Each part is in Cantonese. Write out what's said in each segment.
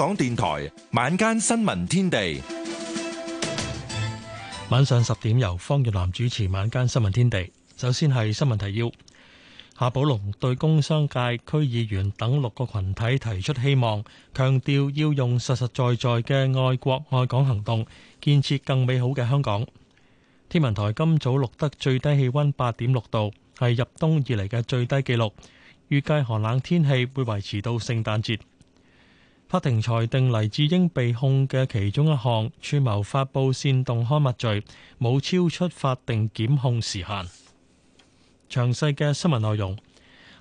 港電台晚間新聞天地，晚上十點由方月南主持晚間新聞天地。首先係新聞提要：夏寶龍對工商界、區議員等六個群體提出希望，強調要用實實在在嘅愛國愛港行動，建設更美好嘅香港。天文台今早錄得最低氣温八點六度，係入冬以嚟嘅最低紀錄。預計寒冷天氣會維持到聖誕節。法庭裁定黎智英被控嘅其中一項串謀發佈煽動刊物罪，冇超出法定檢控時限。詳細嘅新聞內容。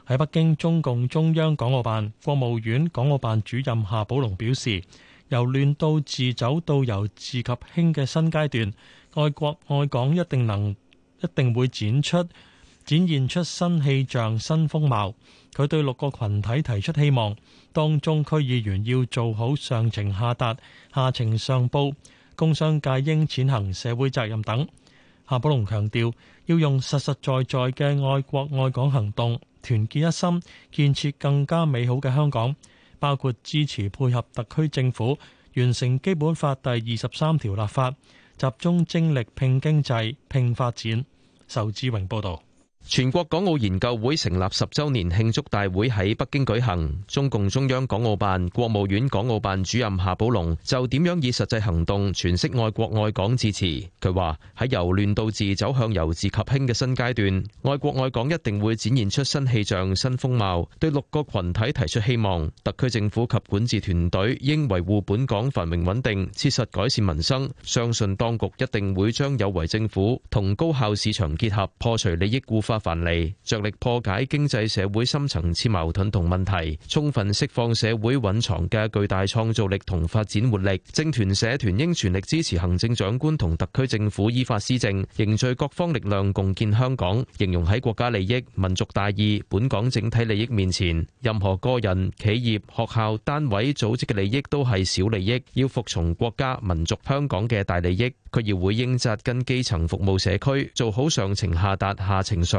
喺北京，中共中央港澳辦國務院港澳辦主任夏寶龍表示，由亂到治走到由治及興嘅新階段，愛國愛港一定能一定會展出、展現出新氣象、新風貌。佢對六個群體提出希望，當中區議員要做好上情下達、下情上報，工商界應踐行社會責任等。夏寶龍強調，要用實實在在嘅愛國愛港行動，團結一心，建設更加美好嘅香港，包括支持配合特區政府，完成基本法第二十三條立法，集中精力拼經濟、拼發展。仇志榮報導。全國港澳研究會成立十周年慶祝大會喺北京舉行，中共中央港澳辦、國務院港澳辦主任夏寶龍就點樣以實際行動詮釋愛國愛港致辭。佢話喺由亂到治走向由治及興嘅新階段，愛國愛港一定會展現出新氣象、新風貌，對六個群體提出希望。特區政府及管治團隊應維護本港繁榮穩定，切實改善民生。相信當局一定會將有為政府同高效市場結合，破除利益固化繁利着力破解經濟社會深層次矛盾同問題，充分釋放社會蘊藏嘅巨大創造力同發展活力。政團社團應全力支持行政長官同特區政府依法施政，凝聚各方力量共建香港。形容喺國家利益、民族大義、本港整體利益面前，任何個人、企業、學校、單位、組織嘅利益都係小利益，要服從國家、民族、香港嘅大利益。區議會應紮根基層服務社區，做好上情下達、下情上。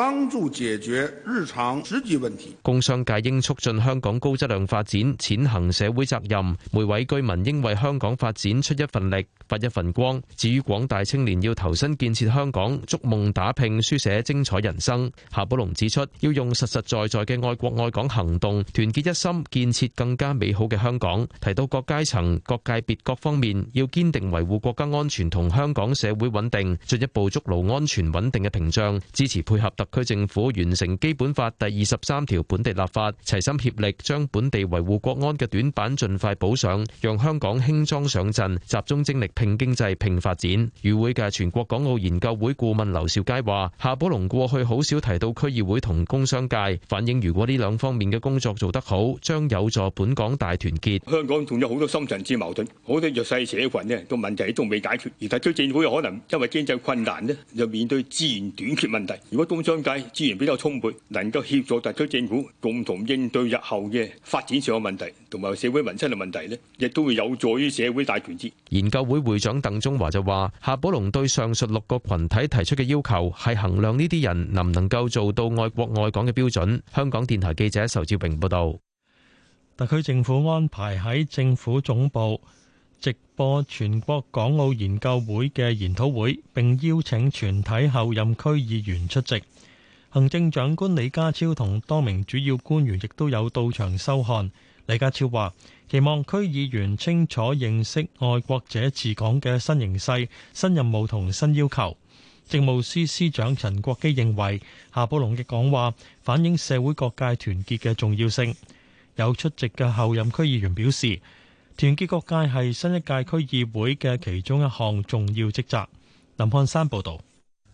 幫助解決日常實際問題。工商界應促進香港高質量發展，踐行社會責任。每位居民應為香港發展出一份力，發一份光。至於廣大青年要投身建設香港，逐夢打拼，書寫精彩人生。夏寶龍指出，要用實實在在嘅愛國愛港行動，團結一心，建設更加美好嘅香港。提到各階層、各界別、各方面要堅定維護國家安全同香港社會穩定，進一步築牢安全穩定嘅屏障，支持配合特區政府完成《基本法》第二十三條本地立法，齊心協力將本地維護國安嘅短板盡快補上，讓香港輕裝上陣，集中精力拼經濟、拼發展。與會嘅全國港澳研究會顧問劉兆佳話，夏寶龍過去好少提到區議會同工商界，反映如果呢兩方面嘅工作做得好，將有助本港大團結。香港仲有好多深層次矛盾，好多弱勢社群咧，個問題仲未解決，而特區政府有可能因為經濟困難咧，就面對資源短缺問題。如果工商商界資源比較充沛，能夠協助特區政府共同應對日後嘅發展上嘅問題，同埋社會民生嘅問題咧，亦都會有助於社會大團結。研究會會長鄧中華就話：夏寶龍對上述六個群體提出嘅要求，係衡量呢啲人能唔能夠做到愛國愛港嘅標準。香港電台記者仇志榮報導。特區政府安排喺政府總部直播全國港澳研究會嘅研討會，並邀請全體候任區議員出席。行政長官李家超同多名主要官員亦都有到場收看。李家超話：期望區議員清楚認識愛國者治港嘅新形勢、新任務同新要求。政務司司長陳國基認為夏，夏寶龍嘅講話反映社會各界團結嘅重要性。有出席嘅後任區議員表示，團結各界係新一屆區議會嘅其中一項重要職責。林漢山報道。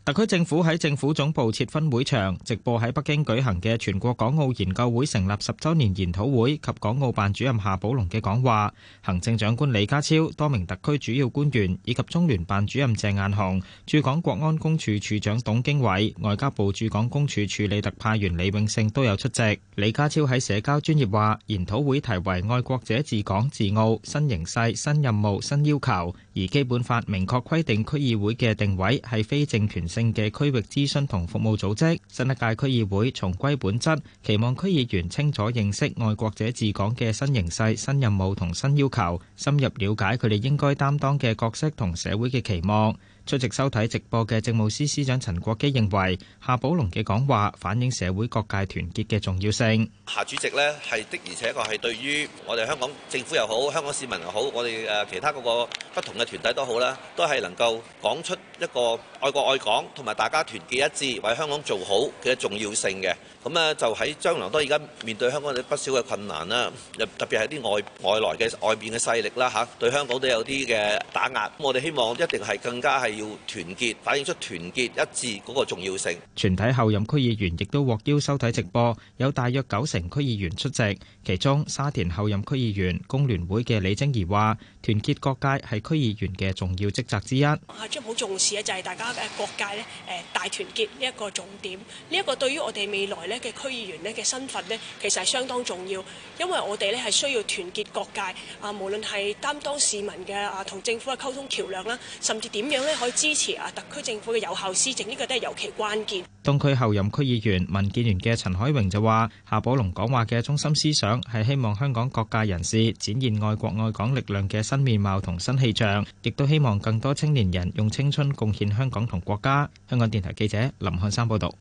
特區政府喺政府總部設分會場，直播喺北京舉行的全國港澳研究會成立十周年研討會及港澳辦主任夏寶龍的講話。行政長官李家超、多名特區主要官員以及中聯辦主任鄭雁雄、駐港國安公署署長董經緯、外交部駐港公署署理特派員李永勝都有出席。李家超喺社交專業話，研討會提，為愛國者治港治澳、新形勢、新任務、新要求，而基本法明確規定區議會的定位係非政權性嘅區域諮詢同服務組織，新一屆區議會重歸本質，期望區議員清楚認識愛國者治港嘅新形勢、新任務同新要求，深入了解佢哋應該擔當嘅角色同社會嘅期望。出席收睇直播嘅政務司司長陳國基認為，夏寶龍嘅講話反映社會各界團結嘅重要性。夏主席呢，係的，而且確係對於我哋誒香港政府又好，香港市民又好，我哋其他嗰個不同嘅團體都好啦，都係能夠講出一個愛國愛港同埋大家團結一致為香港做好嘅重要性嘅。咁咧就喺張良當然而家面對香港嘅不少嘅困難啦，特別係啲外外來嘅外邊嘅勢力啦嚇，對香港都有啲嘅打壓。我哋希望一定係更加係要團結，反映出團結一致嗰個重要性。全體候任區議員亦都獲邀收睇直播，有大約九成區議員出席，其中沙田候任區議員工聯會嘅李晶儀話。團結各界係區議員嘅重要職責之一。啊，張好重視啊，就係大家嘅各界咧，誒大團結呢一個重點。呢一個對於我哋未來咧嘅區議員咧嘅身份咧，其實係相當重要，因為我哋咧係需要團結各界啊，無論係擔當市民嘅啊同政府嘅溝通橋樑啦，甚至點樣咧可以支持啊特區政府嘅有效施政，呢個都係尤其關鍵。東區候任區議員民建聯嘅陳海榮就話：夏寶龍講話嘅中心思想係希望香港各界人士展現愛國愛港力量嘅身。面貌同新氣象，亦都希望更多青年人用青春貢獻香港同國家。香港電台記者林漢山報道。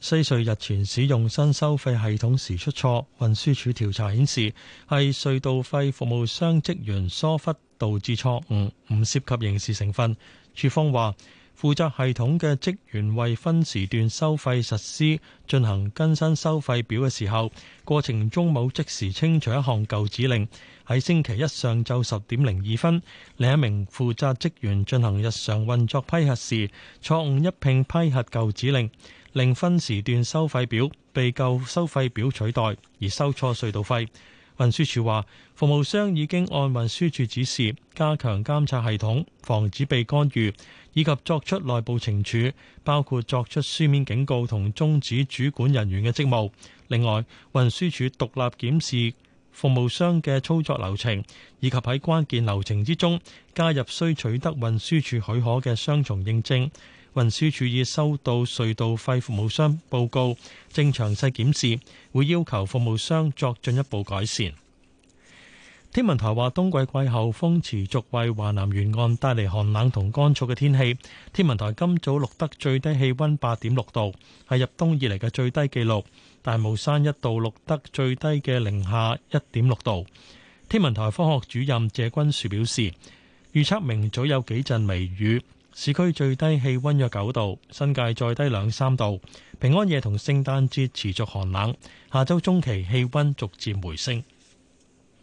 西隧日前使用新收費系統時出錯，運輸署調查顯示係隧道費服務商職員疏忽導致錯誤，唔涉及刑事成分。署方話。負責系統嘅職員為分時段收費實施進行更新收費表嘅時候，過程中冇即時清除一項舊指令。喺星期一上晝十點零二分，另一名負責職員進行日常運作批核時，錯誤一併批核舊指令，令分時段收費表被舊收費表取代，而收錯隧道費。運輸署話，服務商已經按運輸署指示加強監察系統，防止被干預，以及作出內部懲處，包括作出書面警告同終止主管人員嘅職務。另外，運輸署獨立檢視服務商嘅操作流程，以及喺關鍵流程之中加入需取得運輸署許可嘅雙重認證。運輸署已收到隧道費服務商報告，正詳細檢視，會要求服務商作進一步改善。天文台話，冬季季候風持續為華南沿岸帶嚟寒冷同乾燥嘅天氣。天文台今早錄得最低氣溫八點六度，係入冬以嚟嘅最低紀錄。大帽山一度錄得最低嘅零下一點六度。天文台科學主任謝君樹表示，預測明早有幾陣微雨。市區最低氣溫約九度，新界再低兩三度。平安夜同聖誕節持續寒冷，下周中期氣溫逐漸回升。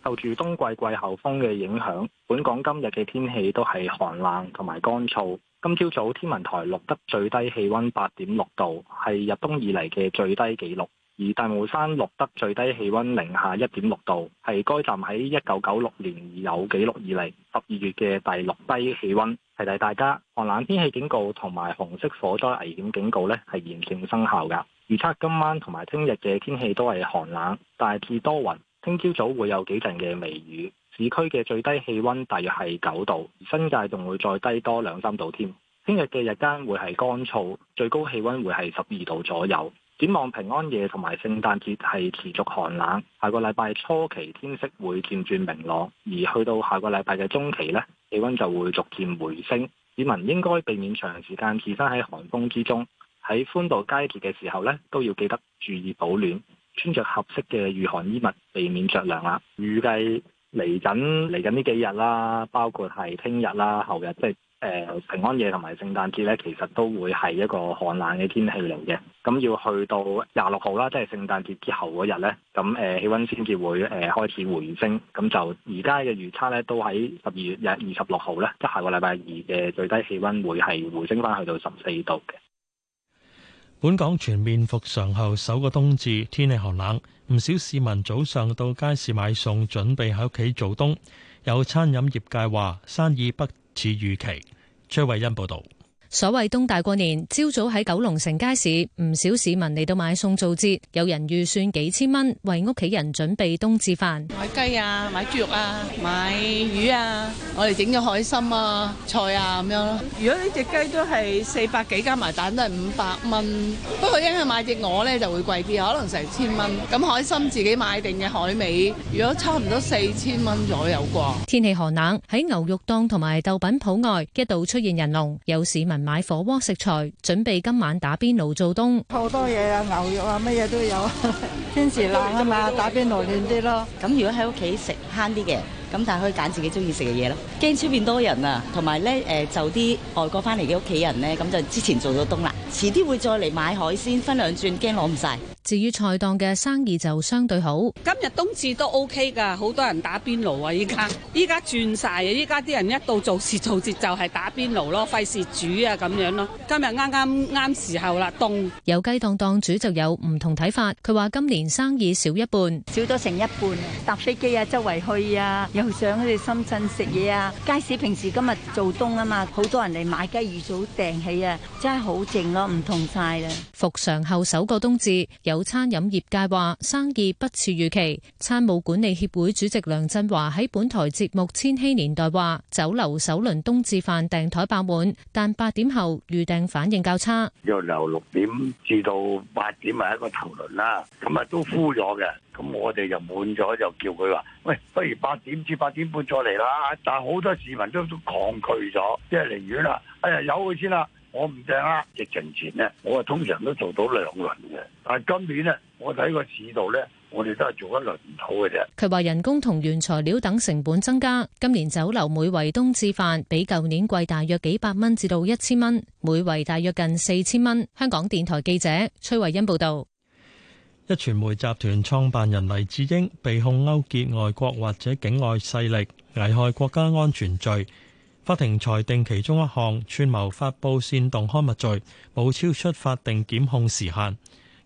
受住冬季季候風嘅影響，本港今日嘅天氣都係寒冷同埋乾燥。今朝早天文台錄得最低氣溫八點六度，係入冬以嚟嘅最低紀錄。而大帽山錄得最低氣溫零下一點六度，係該站喺一九九六年有記錄以嚟十二月嘅第六低氣溫。提提大家，寒冷天氣警告同埋紅色火災危險警告呢係現正生效㗎。預測今晚同埋聽日嘅天氣都係寒冷，大致多雲。聽朝早會有幾陣嘅微雨。市區嘅最低氣溫大約係九度，而新界仲會再低多兩三度添。聽日嘅日間會係乾燥，最高氣溫會係十二度左右。展望平安夜同埋聖誕節係持續寒冷，下個禮拜初期天色會漸漸明朗，而去到下個禮拜嘅中期咧，氣溫就會逐漸回升。市民應該避免長時間置身喺寒風之中，喺歡度佳節嘅時候咧，都要記得注意保暖，穿着合適嘅禦寒衣物，避免着涼啦。預計嚟緊嚟緊呢幾日啦，包括係聽日啦、後日即、係。誒平安夜同埋聖誕節呢，其實都會係一個寒冷嘅天氣嚟嘅。咁要去到廿六號啦，即係聖誕節之後嗰日呢，咁誒氣温先至會誒開始回升。咁就而家嘅預測呢，都喺十二月廿二十六號呢，即係下個禮拜二嘅最低氣温會係回升返去到十四度嘅。本港全面復常後首個冬至，天氣寒冷，唔少市民早上到街市買餸，準備喺屋企做冬。有餐飲業界話生意不似預期，崔慧欣報導。所謂冬大過年，朝早喺九龍城街市，唔少市民嚟到買餸做節，有人預算幾千蚊為屋企人準備冬至飯。買雞啊，買豬肉啊，買魚啊，我哋整咗海參啊，菜啊，咁樣。如果呢隻雞都係四百幾，加埋蛋都係五百蚊，不過因為買隻鵝呢，就會貴啲，可能成千蚊。咁海參自己買定嘅海味，如果差唔多四千蚊左右啩。天氣寒冷，喺牛肉檔同埋豆品舖外，一度出現人龍，有市民買火鍋食材，準備今晚打邊爐做冬。好多嘢啊，牛肉啊，乜嘢都有啊。 天時冷啊嘛，打邊爐暖啲咯。咁 如果喺屋企食慳啲嘅。咁但係可以揀自己中意食嘅嘢咯，驚出面多人啊，同埋咧誒就啲外國翻嚟嘅屋企人咧，咁就之前做咗冬啦，遲啲會再嚟買海鮮，分兩轉，驚攞唔晒。至於菜檔嘅生意就相對好，今日冬至都 OK 㗎，好多人打邊爐啊！依家依家轉晒啊，依家啲人一到做事做節就係打邊爐咯、啊，費事煮啊咁樣咯、啊。今日啱啱啱時候啦，冬有雞檔檔主就有唔同睇法，佢話今年生意少一半，少咗成一半，搭飛機啊，周圍去啊。又上去深圳食嘢啊！街市平時今日做冬啊嘛，好多人嚟買雞魚早訂起啊，真係好靜咯，唔同晒啦。復常後首個冬至，有餐飲業界話生意不似預期。餐務管理協會主席梁振華喺本台節目《千禧年代》話，酒樓首輪冬至飯訂台爆滿，但八點後預訂反應較差。又由六點至到八點係一個頭輪啦，咁啊都 full 咗嘅。咁我哋就滿咗，就叫佢話，喂，不如八點至八點半再嚟啦。但係好多市民都都抗拒咗，即係寧願啦，哎呀，有佢先啦，我唔訂啦。疫情前呢，我啊通常都做到兩輪嘅，但係今年呢，我睇個市道呢，我哋都係做一輪唔到嘅啫。佢話人工同原材料等成本增加，今年酒樓每圍冬至飯比舊年貴大約幾百蚊至到一千蚊，每圍大約近四千蚊。香港電台記者崔慧欣報道。一傳媒集團創辦人黎智英被控勾結外國或者境外勢力危害國家安全罪，法庭裁定其中一項串謀發布煽動刊物罪，冇超出法定檢控時限，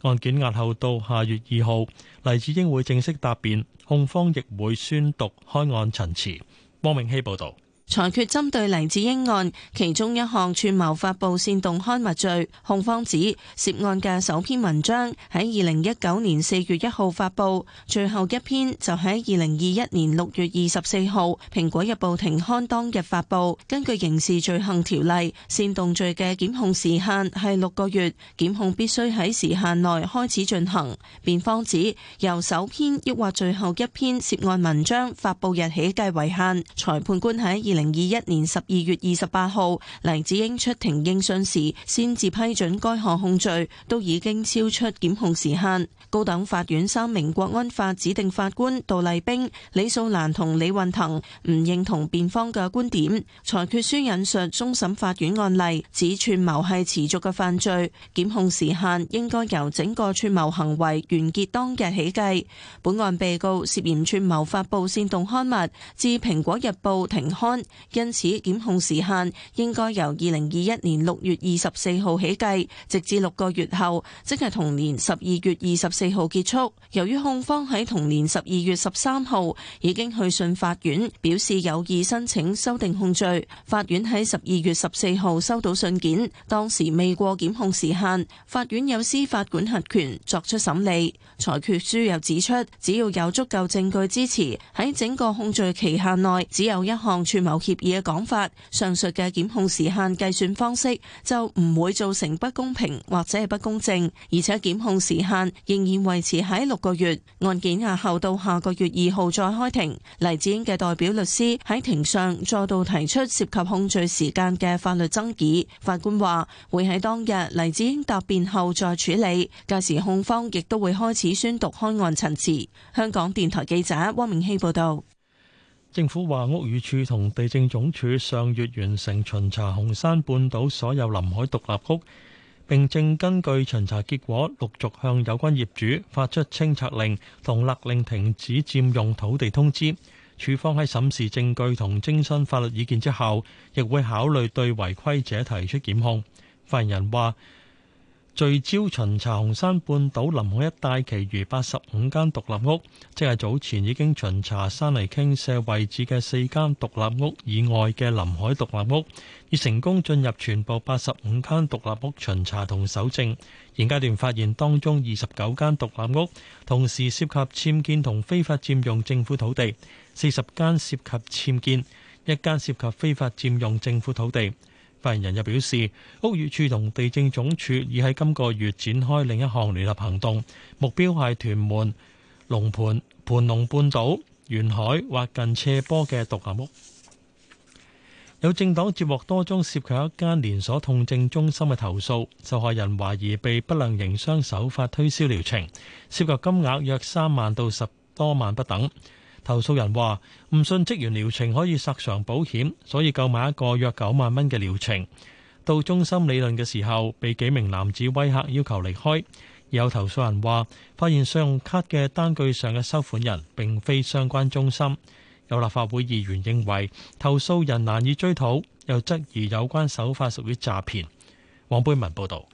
案件押後到下月二號，黎智英會正式答辯，控方亦會宣讀開案陳詞。汪明熙報道。裁決針對黎智英案，其中一項串謀發布煽動刊物罪，控方指涉案嘅首篇文章喺二零一九年四月一號發布，最後一篇就喺二零二一年六月二十四號《蘋果日報》停刊當日發布。根據刑事罪行條例，煽動罪嘅檢控時限係六個月，檢控必須喺時限內開始進行。辯方指由首篇抑或最後一篇涉案文章發布日起計為限。裁判官喺二零二一年十二月二十八號，黎智英出庭應訊時，先至批准該項控罪，都已經超出檢控時限。高等法院三名國安法指定法官杜麗冰、李素蘭同李運騰唔認同辯方嘅觀點，裁決書引述終審法院案例，指串謀係持續嘅犯罪，檢控時限應該由整個串謀行為完結當日起計。本案被告涉嫌串謀發佈煽動刊物，至《蘋果日報》停刊，因此檢控時限應該由二零二一年六月二十四號起計，直至六個月後，即係同年十二月二十四。四號結束。由於控方喺同年十二月十三號已經去信法院，表示有意申請修訂控罪。法院喺十二月十四號收到信件，當時未過檢控時限。法院有司法管轄權作出審理。裁決書又指出，只要有足夠證據支持，喺整個控罪期限內只有一項串謀協議嘅講法，上述嘅檢控時限計算方式就唔會造成不公平或者係不公正，而且檢控時限仍然。維持喺六個月案件，押後到下個月二號再開庭。黎智英嘅代表律師喺庭上再度提出涉及控罪時間嘅法律爭議。法官話會喺當日黎智英答辯後再處理。屆時控方亦都會開始宣讀開案陳詞。香港電台記者汪明熙報道。政府話屋宇署同地政總署上月完成巡查紅山半島所有臨海獨立屋。並正根據巡查結果，陸續向有關業主發出清拆令同勒令停止佔用土地通知。處方喺審視證據同徵詢法律意見之後，亦會考慮對違規者提出檢控。發言人話。聚焦巡查紅山半島臨海一帶其餘八十五間獨立屋，即係早前已經巡查山泥傾瀉位置嘅四間獨立屋以外嘅臨海獨立屋，已成功進入全部八十五間獨立屋巡查同搜證。現階段發現當中二十九間獨立屋同時涉及僭建同非法佔用政府土地，四十間涉及僭建，一間涉及非法佔用政府土地。發言人又表示，屋宇署同地政總署已喺今個月展開另一項聯合行動，目標係屯門、龍盤、盤龍半島、沿海或近斜坡嘅獨立屋。有政黨接獲多宗涉及一間連鎖痛症中心嘅投訴，受害人懷疑被不良營商手法推銷療程，涉及金額約三萬到十多萬不等。投訴人話唔信職員療程可以索償保險，所以購買一個約九萬蚊嘅療程。到中心理論嘅時候，被幾名男子威嚇，要求離開。有投訴人話發現信用卡嘅單據上嘅收款人並非相關中心。有立法會議員認為投訴人難以追討，又質疑有關手法屬於詐騙。黃貝文報導。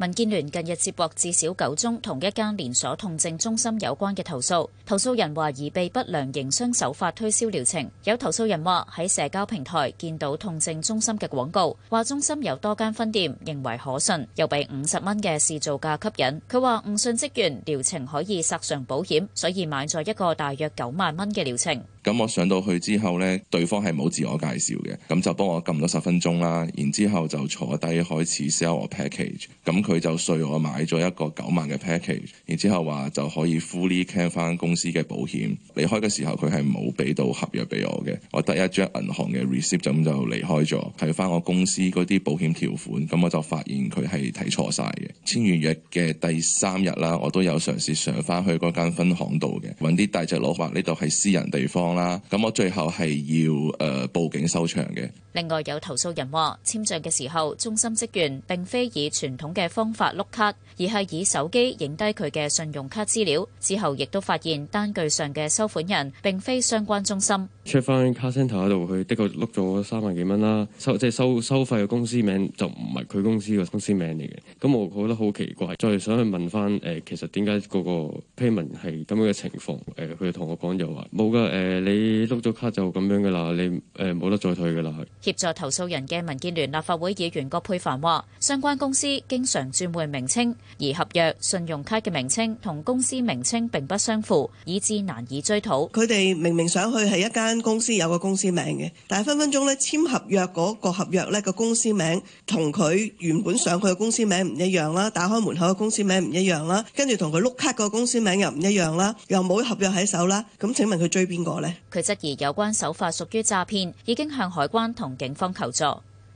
民建聯近日接獲至少九宗同一間連鎖痛症中心有關嘅投訴，投訴人懷疑被不良營商手法推銷療程。有投訴人話喺社交平台見到痛症中心嘅廣告，話中心有多間分店，認為可信，又被五十蚊嘅試做價吸引。佢話唔信職員療程可以索償保險，所以買咗一個大約九萬蚊嘅療程。咁我上到去之後呢，對方係冇自我介紹嘅，咁就幫我撳咗十分鐘啦。然之後就坐低開始 sell 我 package，咁佢就説我買咗一個九萬嘅 package，然之後話就可以 fully claim 翻公司嘅保險。離開嘅時候佢係冇俾到合約俾我嘅，我得一張銀行嘅 receipt 就咁就離開咗。睇翻我公司嗰啲保險條款，咁我就發現佢係睇錯晒嘅。簽完約嘅第三日啦，我都有嘗試上翻去嗰間分行度嘅，揾啲大隻佬話呢度係私人地方。啦，咁我最後係要誒報警收場嘅。另外有投訴人話，簽賬嘅時候中心職員並非以傳統嘅方法碌卡，而係以手機影低佢嘅信用卡資料。之後亦都發現單據上嘅收款人並非相關中心。check 翻卡頭度佢的確碌咗三萬幾蚊啦，收即係、就是、收收費嘅公司名就唔係佢公司嘅公司名嚟嘅。咁我覺得好奇怪，再想去問翻誒、呃，其實點解嗰個 payment 係咁樣嘅情況？誒、呃，佢同我講就話冇噶誒。你碌咗卡就咁樣噶啦，你誒冇得再退噶啦。協助投訴人嘅民建聯立法會議員葛珮帆話，相關公司經常轉換名稱，而合約、信用卡嘅名稱同公司名稱並不相符，以致難以追討。佢哋明明上去係一間公司有個公司名嘅，但係分分鐘咧簽合約個合約咧個公司名同佢原本上去嘅公司名唔一樣啦，打開門口嘅公司名唔一樣啦，跟住同佢碌卡個公司名又唔一樣啦，又冇合約喺手啦，咁請問佢追邊個咧？佢質疑有關手法屬於詐騙，已經向海關同警方求助。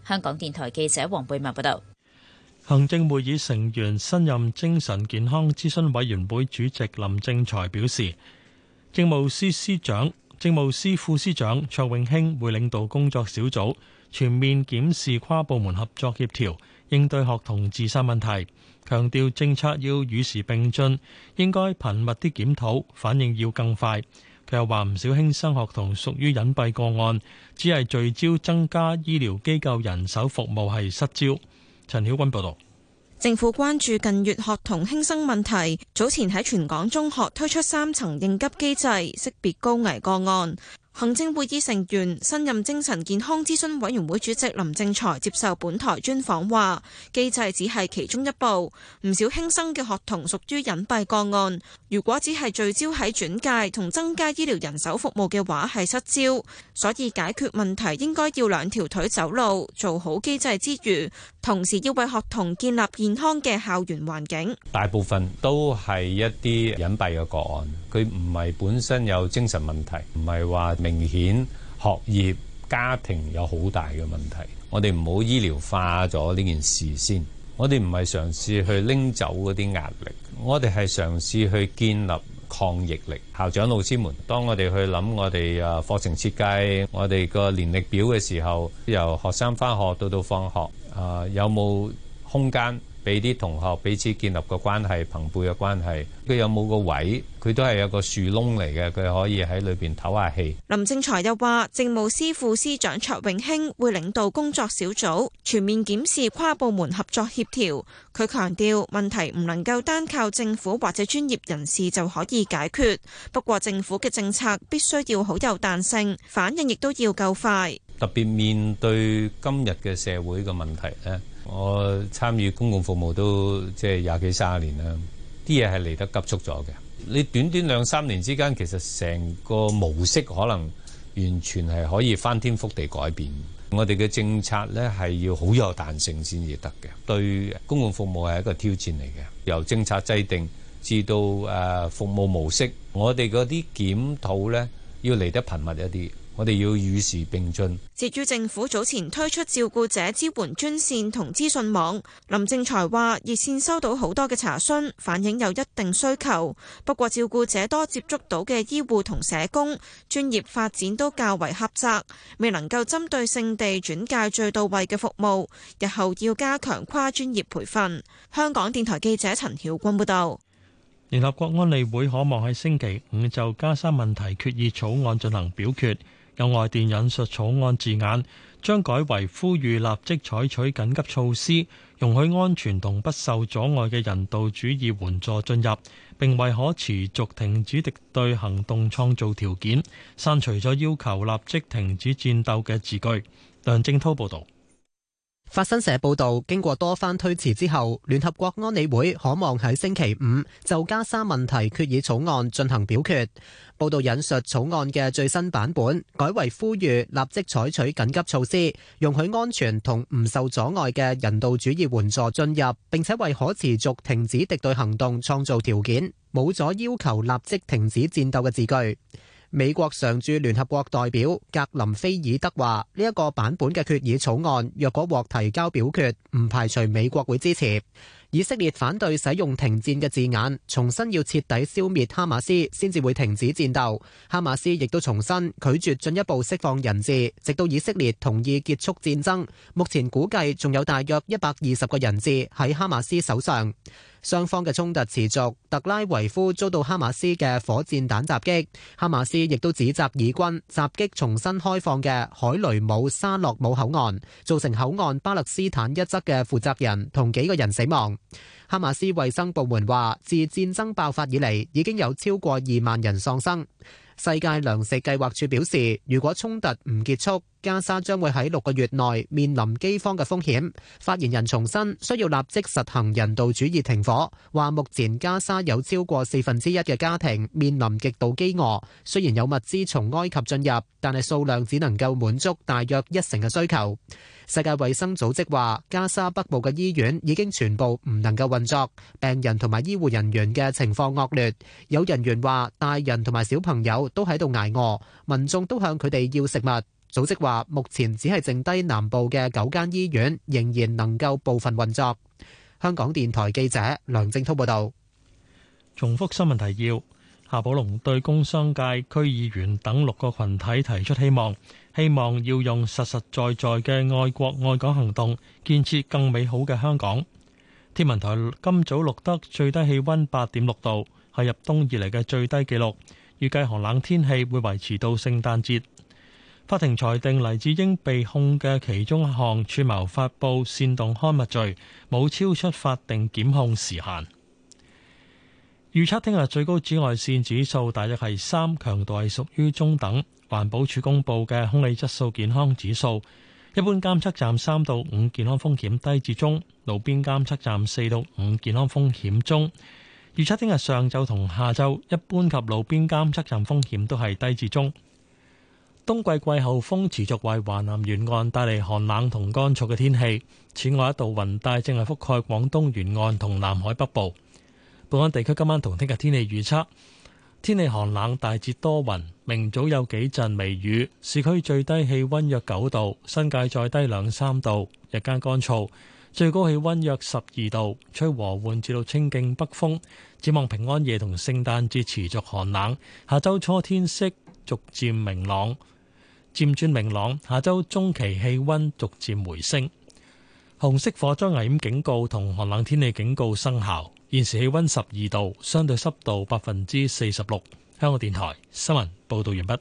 香港電台記者黃貝文報道。行政會議成員、新任精神健康諮詢委員會主席林正財表示，政務司司長、政務司副司長卓永興會領導工作小組，全面檢視跨部門合作協調，應對學童自殺問題。強調政策要與時並進，應該頻密啲檢討，反應要更快。又話唔少輕生學童屬於隱蔽個案，只係聚焦增加醫療機構人手服務係失焦。陳曉君報道。政府關注近月學童輕生問題，早前喺全港中學推出三層應急機制，識別高危個案。行政會議成員、新任精神健康諮詢委員會主席林正財接受本台專訪話：機制只係其中一步，唔少輕生嘅學童屬於隱蔽個案。如果只係聚焦喺轉介同增加醫療人手服務嘅話，係失焦。所以解決問題應該要兩條腿走路，做好機制之餘，同時要為學童建立健康嘅校園環境。大部分都係一啲隱蔽嘅個案，佢唔係本身有精神問題，唔係話明顯學業、家庭有好大嘅問題。我哋唔好醫療化咗呢件事先。我哋唔係嘗試去拎走嗰啲壓力，我哋係嘗試去建立抗逆力。校長老師們，當我哋去諗我哋誒課程設計、我哋個年歷表嘅時候，由學生返學到到放學。啊！有冇空間俾啲同學彼此建立個關係、朋輩嘅關係？佢有冇個位？佢都係有個樹窿嚟嘅，佢可以喺裏邊唞下氣。林正財又話：政務司副司長卓永興會領導工作小組全面檢視跨部門合作協調。佢強調問題唔能夠單靠政府或者專業人士就可以解決。不過政府嘅政策必須要好有彈性，反應亦都要夠快。特別面對今日嘅社會嘅問題咧，我參與公共服務都即係廿幾三十年啦，啲嘢係嚟得急促咗嘅。你短短兩三年之間，其實成個模式可能完全係可以翻天覆地改變。我哋嘅政策咧係要好有彈性先至得嘅，對公共服務係一個挑戰嚟嘅。由政策制定至到誒服務模式，我哋嗰啲檢討咧要嚟得頻密一啲。我哋要與時並進。接住政府早前推出照顧者支援專線同資訊網，林正財話熱線收到好多嘅查詢，反映有一定需求。不過照顧者多接觸到嘅醫護同社工專業發展都較為狹窄，未能夠針對性地轉介最到位嘅服務，日後要加強跨專業培訓。香港電台記者陳曉君報道。聯合國安理會可望喺星期五就加沙問題決議草案進行表決。有外電引述草案字眼，將改為呼籲立即採取緊急措施，容許安全同不受阻礙嘅人道主義援助進入，並為可持續停止敵對行動創造條件，刪除咗要求立即停止戰鬥嘅字句。梁正滔報導。法新社報道，經過多番推遲之後，聯合國安理會可望喺星期五就加沙問題決議草案進行表決。報道引述草案嘅最新版本，改為呼籲立即採取緊急措施，容許安全同唔受阻礙嘅人道主義援助進入，並且為可持續停止敵對行動創造條件，冇咗要求立即停止戰鬥嘅字句。美國常駐聯合國代表格林菲爾德話：呢一個版本嘅決議草案，若果獲提交表決，唔排除美國會支持。以色列反對使用停戰嘅字眼，重新要徹底消滅哈馬斯先至會停止戰鬥。哈馬斯亦都重申拒絕進一步釋放人質，直到以色列同意結束戰爭。目前估計仲有大約一百二十個人質喺哈馬斯手上。雙方嘅衝突持續，特拉維夫遭到哈馬斯嘅火箭彈襲擊，哈馬斯亦都指責以軍襲擊重新開放嘅海雷姆沙洛姆口岸，造成口岸巴勒斯坦一側嘅負責人同幾個人死亡。哈馬斯衛生部門話，自戰爭爆發以嚟，已經有超過二萬人喪生。世界糧食計劃署表示，如果衝突唔結束，加沙將會喺六個月內面臨饑荒嘅風險。發言人重申，需要立即實行人道主義停火。話目前加沙有超過四分之一嘅家庭面臨極度饑餓，雖然有物資從埃及進入，但係數量只能夠滿足大約一成嘅需求。世界衛生組織話,加沙北部嘅醫院已經全部唔能夠運作,病人同埋醫護人員嘅情況惡劣,有人員話大人同埋小朋友都喺度挨餓,民眾都向佢哋要食物,組織話目前只係剩低南部嘅九間醫院仍然能夠部分運作。香港電台記者梁正滔報導。重複新聞提要:夏寶龍對工商界、區議員等六個群體提出希望。希望要用實實在在嘅愛國愛港行動，建設更美好嘅香港。天文台今早錄得最低氣溫八點六度，係入冬以嚟嘅最低紀錄。預計寒冷天氣會維持到聖誕節。法庭裁定黎智英被控嘅其中一項串謀發布煽動刊物罪，冇超出法定檢控時限。預測聽日最高紫外線指數大約係三，強度係屬於中等。環保署公布嘅空氣質素健康指數，一般監測站三到五，健康風險低至中，路邊監測站四到五，健康風險中。預測聽日上晝同下晝，一般及路邊監測站風險都係低至中。冬季季候風持續為華南沿岸帶嚟寒冷同乾燥嘅天氣。此外，一道雲帶正係覆蓋廣東沿岸同南海北部。本港地區今晚同聽日天氣預測，天氣寒冷，大致多雲。明早有幾陣微雨，市區最低氣溫約九度，新界再低兩三度，日間乾燥，最高氣溫約十二度，吹和緩至到清勁北風，展望平安夜同聖誕節持續寒冷，下周初天色逐漸明朗，漸轉明朗，下周中期氣溫逐漸回升，紅色火災危險警告同寒冷天氣警告生效，現時氣溫十二度，相對濕度百分之四十六。香港電台新聞報道完畢。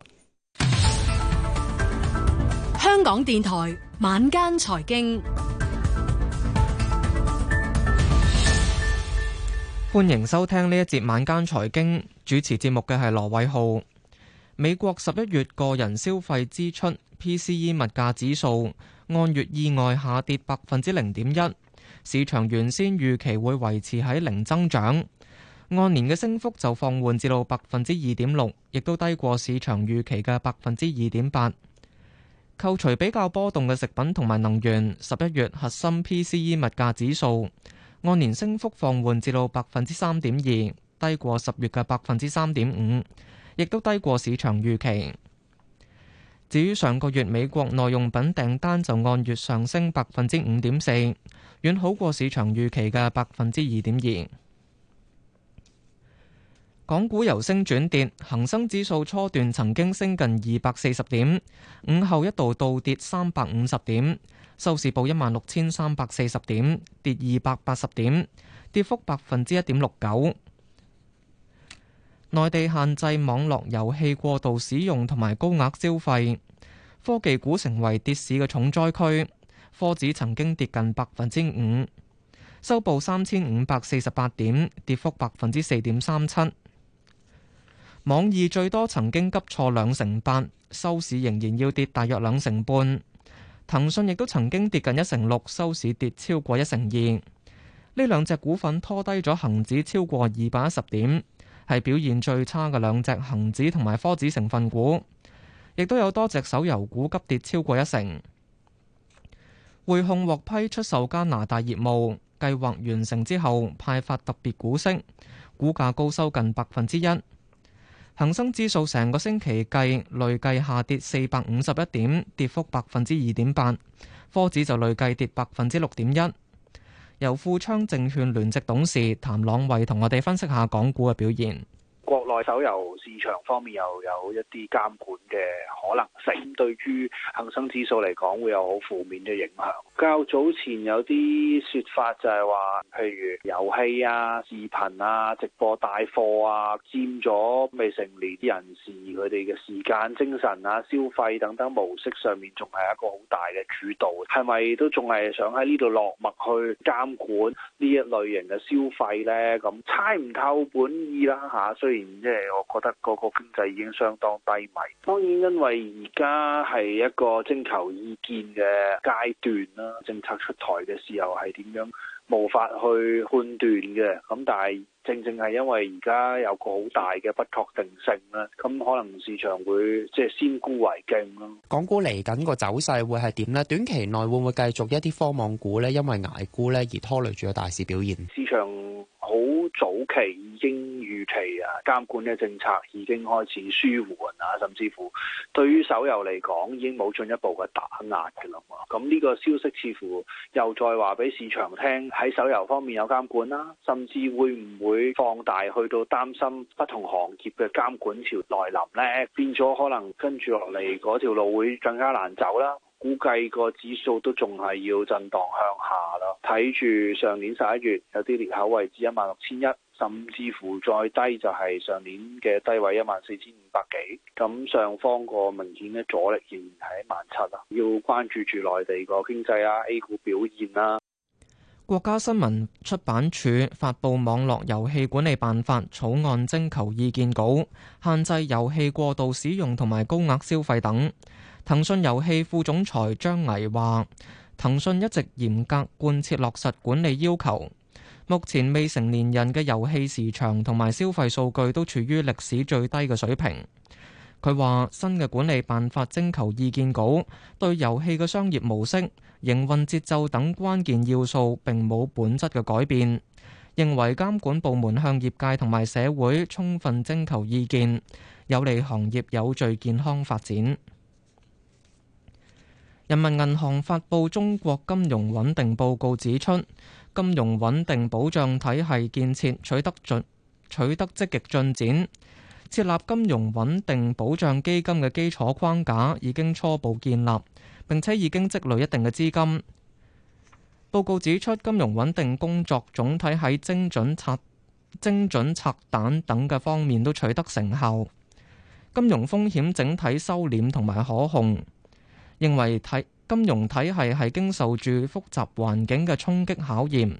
香港電台晚間財經，歡迎收聽呢一節晚間財經。主持節目嘅係羅偉浩。美國十一月個人消費支出 （PCE） 物價指數按月意外下跌百分之零點一，市場原先預期會維持喺零增長。按年嘅升幅就放緩至到百分之二點六，亦都低過市場預期嘅百分之二點八。扣除比較波動嘅食品同埋能源，十一月核心 PCE 物價指數按年升幅放緩至到百分之三點二，低過十月嘅百分之三點五，亦都低過市場預期。至於上個月美國耐用品訂單就按月上升百分之五點四，遠好過市場預期嘅百分之二點二。港股由升轉跌，恒生指數初段曾經升近二百四十點，午後一度倒跌三百五十點，收市報一萬六千三百四十點，跌二百八十點，跌幅百分之一點六九。內地限制網絡遊戲過度使用同埋高額消費，科技股成為跌市嘅重災區，科指曾經跌近百分之五，收報三千五百四十八點，跌幅百分之四點三七。網易最多曾經急挫兩成八，收市仍然要跌大約兩成半。騰訊亦都曾經跌近一成六，收市跌超過一成二。呢兩隻股份拖低咗恒指超過二百一十點，係表現最差嘅兩隻恒指同埋科指成分股。亦都有多隻手遊股急跌超過一成。匯控獲批出售加拿大業務，計劃完成之後派發特別股息，股價高收近百分之一。恒生指數成個星期計累計下跌四百五十一點，跌幅百分之二點八。科指就累計跌百分之六點一。由富昌證券聯席董事譚朗維同我哋分析下港股嘅表現。國內手遊市場方面又有一啲監管嘅可能性，對於恒生指數嚟講，會有好負面嘅影響。較早前有啲説法就係話，譬如遊戲啊、視頻啊、直播帶貨啊，佔咗未成年啲人士佢哋嘅時間、精神啊、消費等等模式上面，仲係一個好大嘅主導。係咪都仲係想喺呢度落墨去監管呢一類型嘅消費呢？咁猜唔透本意啦嚇，啊，所以即係我覺得嗰個經濟已經相當低迷。當然，因為而家係一個徵求意見嘅階段啦，政策出台嘅時候係點樣無法去判斷嘅。咁但係。正正係因為而家有個好大嘅不確定性啦，咁可能市場會即係先沽為敬咯。港股嚟緊個走勢會係點咧？短期內會唔會繼續一啲科網股咧，因為挨沽咧而拖累住個大市表現，市場好早期已經預期啊，監管嘅政策已經開始舒緩啊，甚至乎對於手遊嚟講已經冇進一步嘅打壓嘅啦。咁呢個消息似乎又再話俾市場聽，喺手遊方面有監管啦，甚至會唔會。會放大，去到擔心不同行業嘅監管潮來臨呢，變咗可能跟住落嚟嗰條路會更加難走啦。估計個指數都仲係要震蕩向下啦。睇住上年十一月有啲裂口位置一萬六千一，甚至乎再低就係上年嘅低位一萬四千五百幾。咁上方個明顯嘅阻力仍然係一萬七啊。要關注住內地個經濟啊，A 股表現啦、啊。國家新聞出版署發布網絡遊戲管理辦法草案徵求意見稿，限制遊戲過度使用同埋高額消費等。騰訊遊戲副總裁張毅話：騰訊一直嚴格貫徹落實管理要求，目前未成年人嘅遊戲時長同埋消費數據都處於歷史最低嘅水平。佢話：新嘅管理辦法徵求意見稿對遊戲嘅商業模式、營運節奏等關鍵要素並冇本質嘅改變，認為監管部門向業界同埋社會充分徵求意見，有利行業有序健康發展。人民銀行發布《中國金融穩定報告》指出，金融穩定保障體系建設取得進取得積極進展。設立金融穩定保障基金嘅基礎框架已經初步建立，並且已經積累一定嘅資金。報告指出，金融穩定工作總體喺精準拆、精準拆彈等嘅方面都取得成效，金融風險整體收斂同埋可控。認為體金融體系係經受住複雜環境嘅衝擊考驗。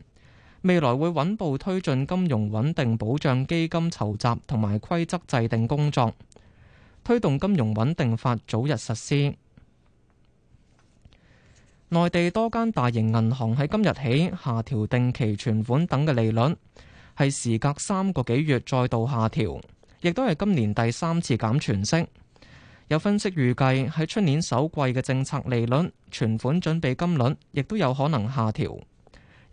未來會穩步推進金融穩定保障基金籌集同埋規則制定工作，推動金融穩定法早日實施。內地多間大型銀行喺今日起下調定期存款等嘅利率，係時隔三個幾月再度下調，亦都係今年第三次減存息。有分析預計，喺出年首季嘅政策利率、存款準備金率亦都有可能下調。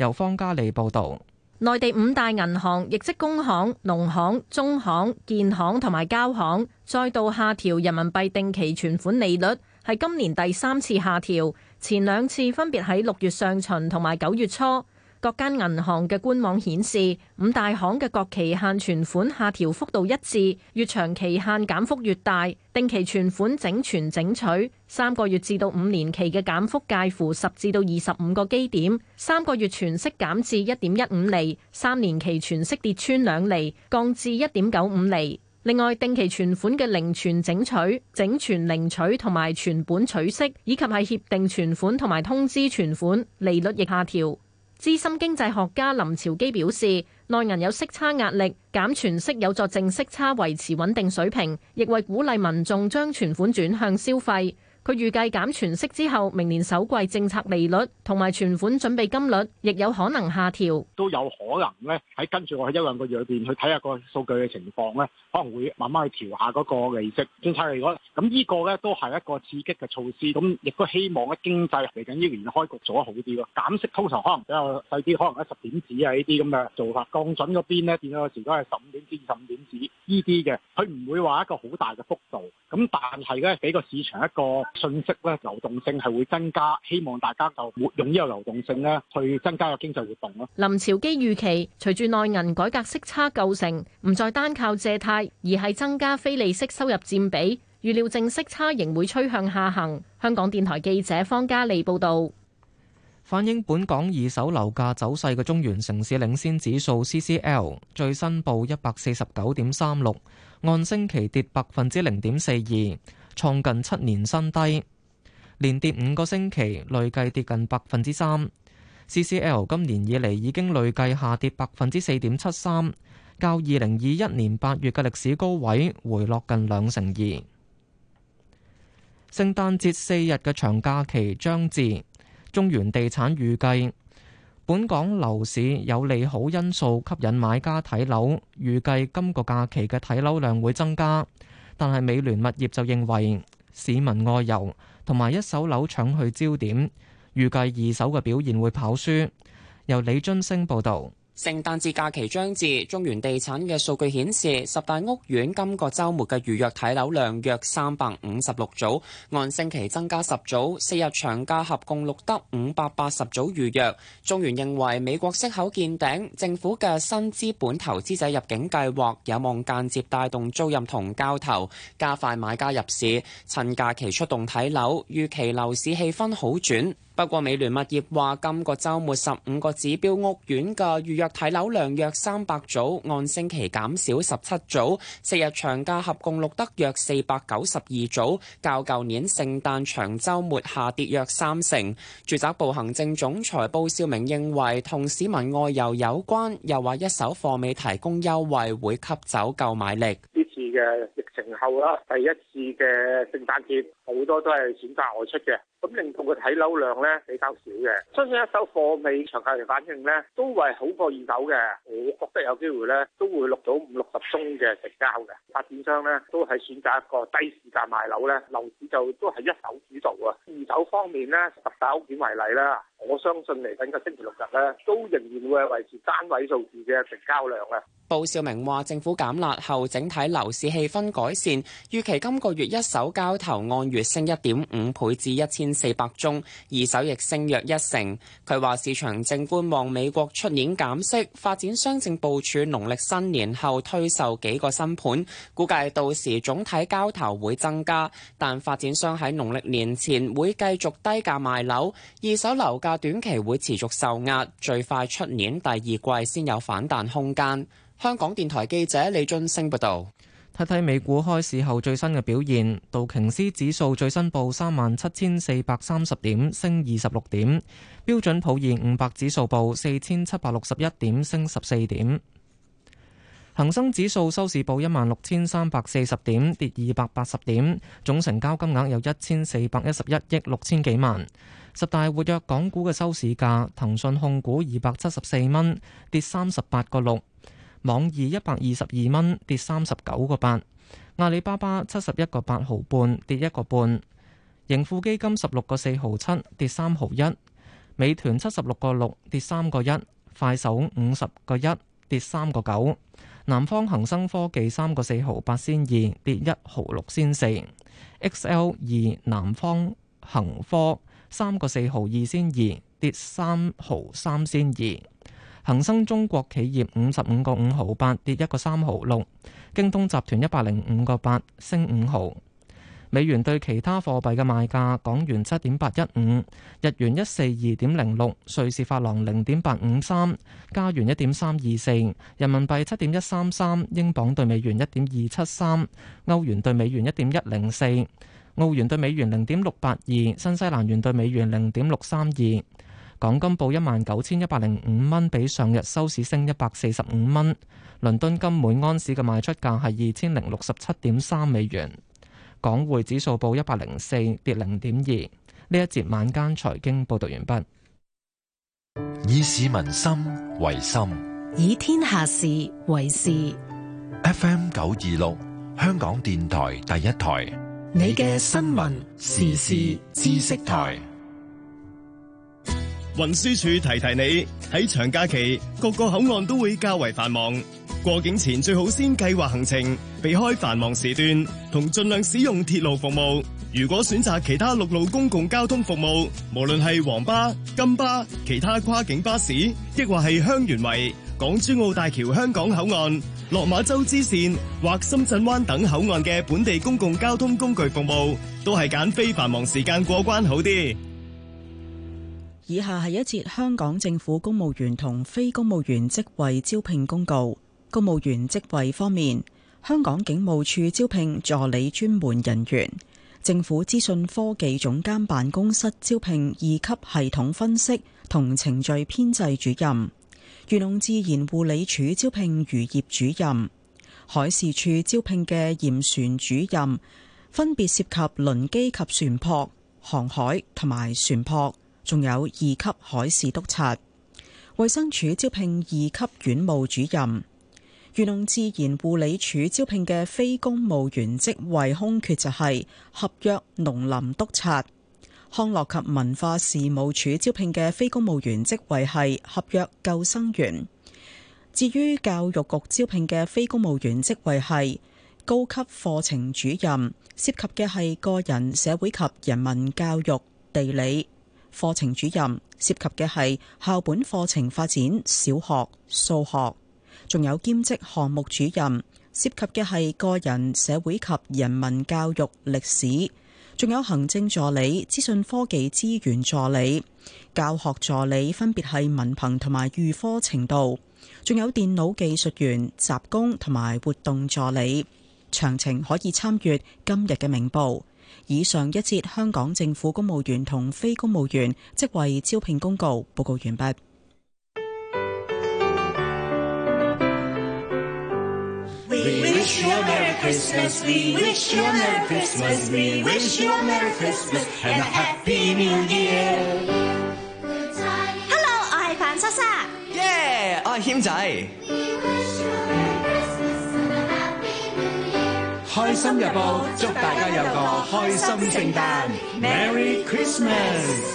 由方嘉莉報道，內地五大銀行，亦即工行、農行、中行、建行同埋交行，再度下調人民幣定期存款利率，係今年第三次下調，前兩次分別喺六月上旬同埋九月初。各間銀行嘅官網顯示，五大行嘅各期限存款下調幅度一致，越長期限減幅越大。定期存款整存整取三個月至到五年期嘅減幅介乎十至到二十五個基點，三個月存息減至一點一五厘，三年期存息跌穿兩厘，降至一點九五厘。另外，定期存款嘅零存整取、整存零取同埋存本取息，以及係協定存款同埋通知存款利率亦下調。資深經濟學家林朝基表示，內銀有息差壓力，減存息有助淨息差維持穩定水平，亦為鼓勵民眾將存款轉向消費。佢預計減存息之後，明年首季政策利率同埋存款準備金率亦有可能下調，都有可能咧，喺跟住我嘅一兩個月入邊去睇下個數據嘅情況咧，可能會慢慢去調下嗰個利息。政策如果咁呢個咧，都係一個刺激嘅措施，咁亦都希望咧，經濟嚟緊呢年開局做得好啲咯。減息通常可能比較細啲，可能喺十點子啊呢啲咁嘅做法。降準嗰邊咧，變咗個時都係十五點至二十五點子呢啲嘅，佢唔會話一個好大嘅幅度。咁但係咧，俾個市場一個信息咧流動性係會增加，希望大家就活用呢個流動性呢，去增加個經濟活動咯。林朝基預期，隨住內銀改革息差構成唔再單靠借貸，而係增加非利息收入佔比，預料淨息差仍會趨向下行。香港電台記者方嘉利報道。反映本港二手樓價走勢嘅中原城市領先指數 CCL 最新報一百四十九點三六，按星期跌百分之零點四二。創近七年新低，連跌五個星期，累計跌近百分之三。CCL 今年以嚟已經累計下跌百分之四點七三，較二零二一年八月嘅歷史高位回落近兩成二。聖誕節四日嘅長假期將至，中原地產預計本港樓市有利好因素吸引買家睇樓，預計今個假期嘅睇樓量會增加。但係美聯物業就認為市民外遊同埋一手樓搶去焦點，預計二手嘅表現會跑輸。由李津升報導。聖誕節假期將至，中原地產嘅數據顯示，十大屋苑今個周末嘅預約睇樓量約三百五十六組，按星期增加十組。四日長假合共錄得五百八十組預約。中原認為美國息口見頂，政府嘅新資本投資者入境計劃有望間接帶動租賃同交投，加快買家入市，趁假期出動睇樓，預期樓市氣氛好轉。不過美聯物業話今個周末15咁令到佢睇樓量咧比較少嘅，相信一手貨尾長假期反應咧都係好過二手嘅，我覺得有機會咧都會錄到五六十宗嘅成交嘅。發展商咧都係選擇一個低市價賣樓咧，樓市就都係一手主導啊。二手方面咧，十大屋苑為例啦，我相信嚟緊個星期六日咧都仍然會係維持單位數字嘅成交量啊。布少明話：政府減辣後，整體樓市氣氛改善，預期今個月一手交投按月升一點五倍至一千四百宗二手亦升約一成。佢話市場正觀望美國出年減息，發展商正部署農曆新年後推售幾個新盤，估計到時總體交投會增加。但發展商喺農曆年前會繼續低價賣樓，二手樓價短期會持續受壓，最快出年第二季先有反彈空間。香港電台記者李俊升報道。睇睇美股開市後最新嘅表現，道瓊斯指數最新報三萬七千四百三十點，升二十六點；標準普爾五百指數報四千七百六十一點，升十四點。恒生指數收市報一萬六千三百四十點，跌二百八十點。總成交金額有一千四百一十一億六千幾萬。十大活躍港股嘅收市價，騰訊控股二百七十四蚊，跌三十八個六。網易一百二十二蚊，跌三十九個八；阿里巴巴七十一個八毫半，跌一個半；盈富基金十六個四毫七，跌三毫一；美團七十六個六，跌三個一；快手五十個一，跌三個九；南方恒生科技三個四毫八仙二，跌一毫六仙四；XL 二南方恒科三個四毫二仙二，跌三毫三仙二。恒生中國企業五十五個五毫八，跌一個三毫六。京東集團一百零五個八，升五毫。美元對其他貨幣嘅賣價：港元七點八一五，日元一四二點零六，瑞士法郎零點八五三，加元一點三二四，人民幣七點一三三，英鎊對美元一點二七三，歐元對美元一點一零四，澳元對美元零點六八二，新西蘭元對美元零點六三二。港金報一萬九千一百零五蚊，比上日收市升一百四十五蚊。倫敦金每安士嘅賣出價係二千零六十七點三美元。港匯指數報一百零四，跌零點二。呢一節晚間財經報道完畢。以市民心為心，以天下事為事。FM 九二六，香港電台第一台。你嘅新聞時事知識台。運輸署提提你喺長假期，各個口岸都會較為繁忙。過境前最好先計劃行程，避開繁忙時段，同盡量使用鐵路服務。如果選擇其他陸路公共交通服務，無論係黃巴、金巴、其他跨境巴士，亦或係香園圍、港珠澳大橋香港口岸、落馬洲支線或深圳灣等口岸嘅本地公共交通工具服務，都係揀非繁忙時間過關好啲。以下係一節香港政府公務員同非公務員職位招聘公告。公務員職位方面，香港警務處招聘助理專門人員，政府資訊科技總監辦公室招聘二級系統分析同程序編製主任，元朗自然護理署招聘漁業，業主任，海事處招聘嘅驗船主任，分別涉及輪機及船舶、航海同埋船舶。仲有二級海事督察，衛生署招聘二級院務主任，漁農自然護理署招聘嘅非公務員職位空缺就係合約農林督察，康樂及文化事務署招聘嘅非公務員職位係合約救生員。至於教育局招聘嘅非公務員職位係高級課程主任，涉及嘅係個人、社會及人民教育地理。課程主任涉及嘅係校本課程發展，小學數學，仲有兼職項目主任涉及嘅係個人社會及人民教育歷史，仲有行政助理、資訊科技資源助理、教學助理分別係文憑同埋預科程度，仲有電腦技術員、雜工同埋活動助理，詳情可以參閱今日嘅明報。以上一節香港政府公務員同非公務員職位招聘公告，報告完畢。Hello，我係范莎莎。Yeah，我係謙仔。開心日報，祝大家有個開心聖誕，Merry Christmas！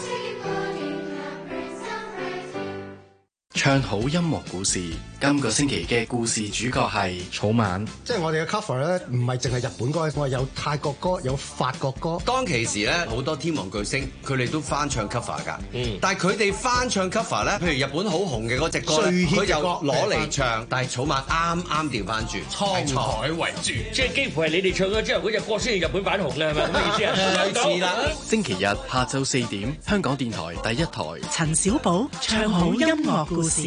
唱好音樂故事。今個星期嘅故事主角係草蜢，即係我哋嘅 cover 咧，唔係淨係日本歌，我有泰國歌，有法國歌。當其時咧，好多天王巨星，佢哋都翻唱 cover 噶，嗯、但係佢哋翻唱 cover 咧，譬如日本好紅嘅嗰隻歌，佢就攞嚟唱。的但係草蜢啱啱調翻轉，滄海為主，即係幾乎係你哋唱咗之後，嗰隻歌先係日本版紅嘅，係咪咁嘅意思啊？類似啦。星期日下晝四點，香港電台第一台，陳小寶唱好音樂故事。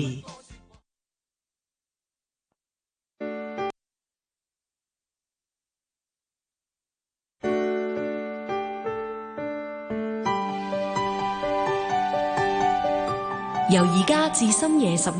由而家至深夜十。